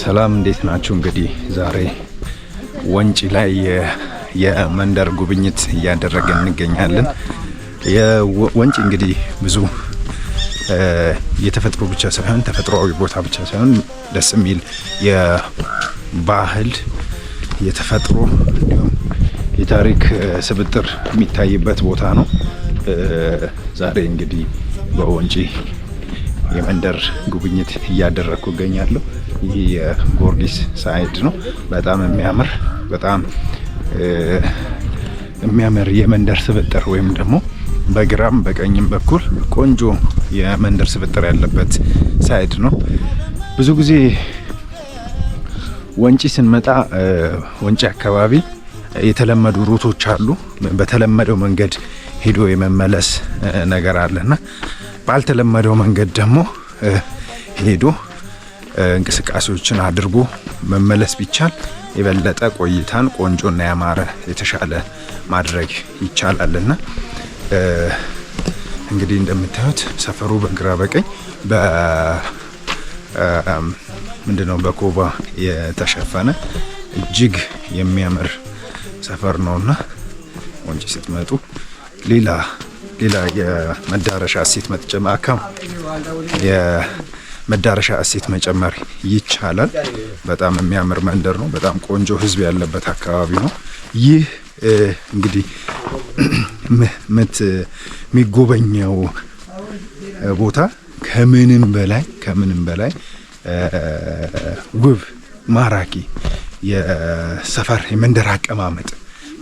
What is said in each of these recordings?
ሰላም እንዴት ናችሁ? እንግዲህ ዛሬ ወንጪ ላይ የመንደር ጉብኝት እያደረግን እንገኛለን። ወንጪ እንግዲህ ብዙ የተፈጥሮ ብቻ ሳይሆን ተፈጥሯዊ ቦታ ብቻ ሳይሆን ደስ የሚል የባህል የተፈጥሮ እንዲሁም የታሪክ ስብጥር የሚታይበት ቦታ ነው። ዛሬ እንግዲህ በወንጪ የመንደር ጉብኝት እያደረግኩ እገኛለሁ። ይህ የጎርጊስ ሳይድ ነው። በጣም የሚያምር በጣም የሚያምር የመንደር ስብጥር ወይም ደግሞ በግራም በቀኝም በኩል ቆንጆ የመንደር ስብጥር ያለበት ሳይድ ነው። ብዙ ጊዜ ወንጪ ስንመጣ ወንጪ አካባቢ የተለመዱ ሩቶች አሉ። በተለመደው መንገድ ሄዶ የመመለስ ነገር አለና ባልተለመደው መንገድ ደግሞ ሄዶ እንቅስቃሴዎችን አድርጎ መመለስ ቢቻል የበለጠ ቆይታን ቆንጆና ያማረ የተሻለ ማድረግ ይቻላልና እንግዲህ እንደምታዩት ሰፈሩ በግራ በቀኝ ምንድነው በኮባ የተሸፈነ እጅግ የሚያምር ሰፈር ነውና ወንጪ ስትመጡ ሌላ ሌላ የመዳረሻ እሴት መጨማካም የመዳረሻ እሴት መጨመር ይቻላል። በጣም የሚያምር መንደር ነው። በጣም ቆንጆ ህዝብ ያለበት አካባቢ ነው። ይህ እንግዲህ ምት የሚጎበኘው ቦታ ከምንም በላይ ከምንም በላይ ውብ ማራኪ የሰፈር የመንደር አቀማመጥ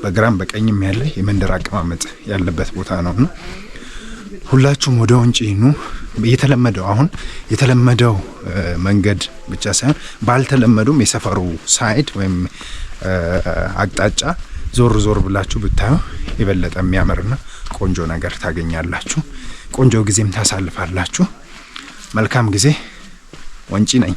በግራም በቀኝም ያለ የመንደር አቀማመጥ ያለበት ቦታ ነው እና ሁላችሁም ወደ ወንጪ ኑ። የተለመደው አሁን የተለመደው መንገድ ብቻ ሳይሆን ባልተለመዱም የሰፈሩ ሳይድ ወይም አቅጣጫ ዞር ዞር ብላችሁ ብታዩ የበለጠ የሚያምርና ቆንጆ ነገር ታገኛላችሁ። ቆንጆ ጊዜም ታሳልፋላችሁ። መልካም ጊዜ። ወንጪ ነኝ።